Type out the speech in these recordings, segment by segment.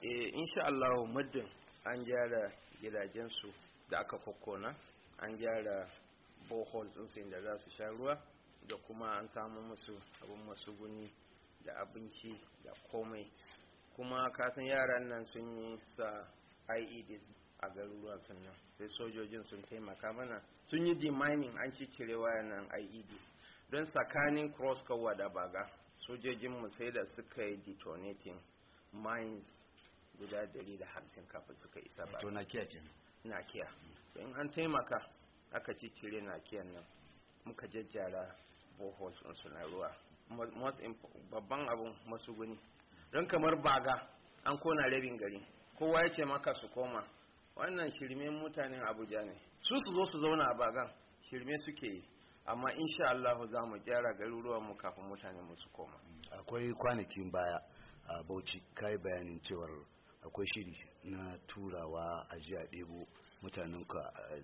eh insha Allah muddin an gyara gidajensu da aka kokkona an gyara bohol tsuntsun da za su sha ruwa da kuma an samu musu abin masuguni da abinci da komai kuma kasan yaran nan sun yi sa ied a garuruwan sannan sai sojojin sun taimaka mana sun yi demining an cicire wayan nan ied don tsakanin cross da baga sojojinmu sai da suka yi detonating mines guda dari da hamsin kafin suka isa ba to nakiya ce nakiya in an taimaka aka cire nakiyan nan muka jajjara boholes din ruwa babban abun masuguni don kamar baga an kona rabin gari kowa ya ce maka su koma wannan shirmen mutanen abuja ne su su zo su zauna a bagan shirme suke yi amma insha Allah za mu gyara garuruwan mu kafin mutanen mu su koma akwai kwanakin baya a bauchi kai bayanin cewar akwai shiri na turawa a jiya ɗebo mutanen ka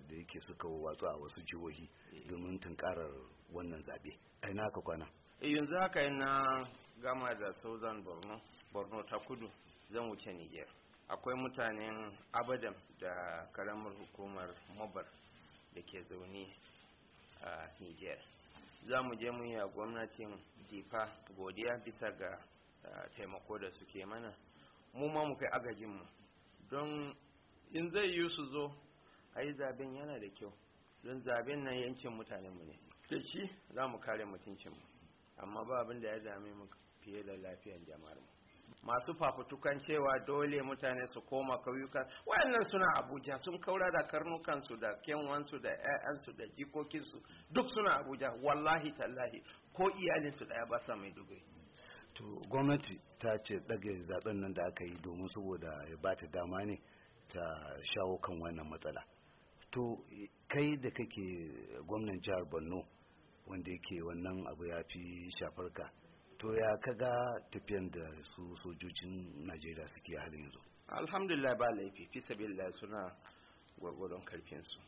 da yake suka watsu a wasu jihohi domin tunkarar wannan zaɓe a ina ka kwana eh, yanzu haka ina gama da southern borno borno ta kudu zan wuce niger akwai mutanen abadan da karamar hukumar mobar da ke zaune a niger za mu je mu yi a gwamnatin difa godiya bisa ga taimako da suke mana mu ma mu kai agajin mu don in zai yi su zo a yi zaben yana da kyau don zaben nan yankin mutanenmu ne da shi za mu kare mutuncinmu amma ba abin da ya dame mu fiye da lafiyar jama'ar mu masu fafutukan cewa dole mutane su koma kauyuka wayannan suna abuja sun kaura da karnukansu da kenwansu da 'ya'yansu da jikokinsu duk suna abuja wallahi tallahi ko iyalinsu daya ba sa mai dubai to gwamnati ta ce ɗage zaben nan da aka yi domin saboda ya ba ta dama ne ta shawo kan wannan matsala to kai da kake gwamnan jihar borno wanda yake wannan abu ya fi shafar ka to ya kaga tafiyan da su sojojin najeriya suke halin yanzu alhamdulillah ba laifi fi sabilillah suna gwargwadon karfinsu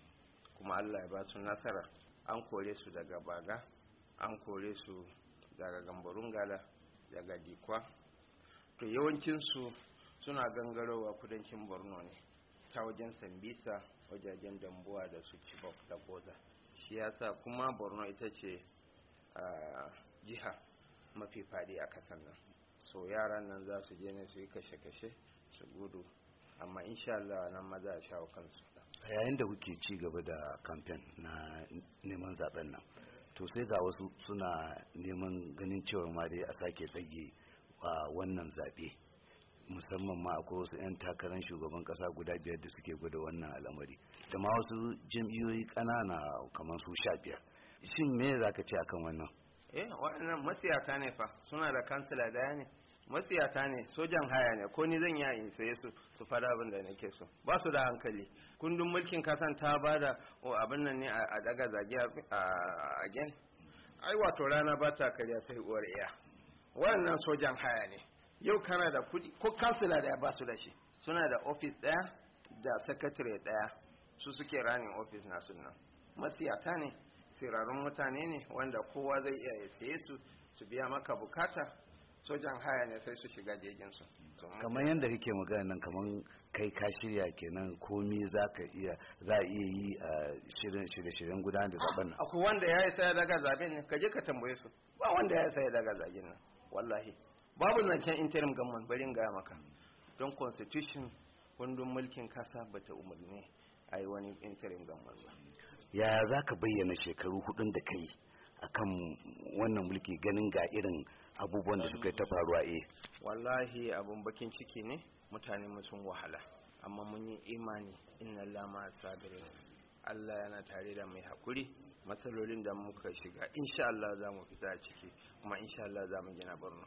kuma allah ya ba su nasara an kore su daga baga an kore su daga gambarun gala daga dikwa to yawancinsu suna gangarowa kudancin borno ne ta wajen sambisa wajajen dambuwa da su chibok da goza shi yasa kuma borno ita ce a jiha mafi fadi a kasan nan so yaran nan za su je ne su yi kashe-kashe su gudu amma insha Allah nan maza a shawo kansu a yayin da kuke ci gaba da kamfen na neman zaben nan to sai ga wasu suna neman ganin cewar ma dai a sake tsage wannan zaɓe musamman ma akwai wasu 'yan takarar shugaban ƙasa guda biyar da suke gwada wannan al'amari da ma wasu jam'iyyoyi ƙanana kamar su sha biyar shin me za ka ce akan wannan eh waɗannan masiyata ne fa suna da kansila daya ne masiyata ne sojan haya ne ko ni zan yi in saye su su fara abin da nake so ba su da hankali kundin mulkin kasan ta ba da abin nan ne a daga zage a gen ai wato rana ba ta karya sai uwar iya Wannan sojan haya ne yau kana da kuɗi ko kansila daya ba su da shi suna da ofis ɗaya da sakatare daya su suke ranin ofis na nan matsiyata ne sirarun mutane ne wanda kowa zai iya ya tsaye su su biya maka bukata sojan haya ne sai su shiga su kamar yadda kake magana nan kamar kai ka shirya kenan komi za ka iya za a iya yi a shirye-shiryen gudanar da zaben nan akwai wanda ya yi saya daga zaben ne ka ka tambaye su ba wanda ya yi saya daga zaben nan wallahi babu zancen interim government bari in gaya maka don constitution kundin mulkin kasa bata umarni a yi wani interim government ba yaya za ka bayyana shekaru hudun da kai akan wannan mulki ganin ga irin abubuwan da suka ta faruwa e wallahi abun bakin ciki ne mutane sun wahala amma mun yi imani inna lama sabirin Allah yana tare da mai hakuri matsalolin da muka shiga insha Allah za mu fita ciki kuma insha Allah za mu gina Borno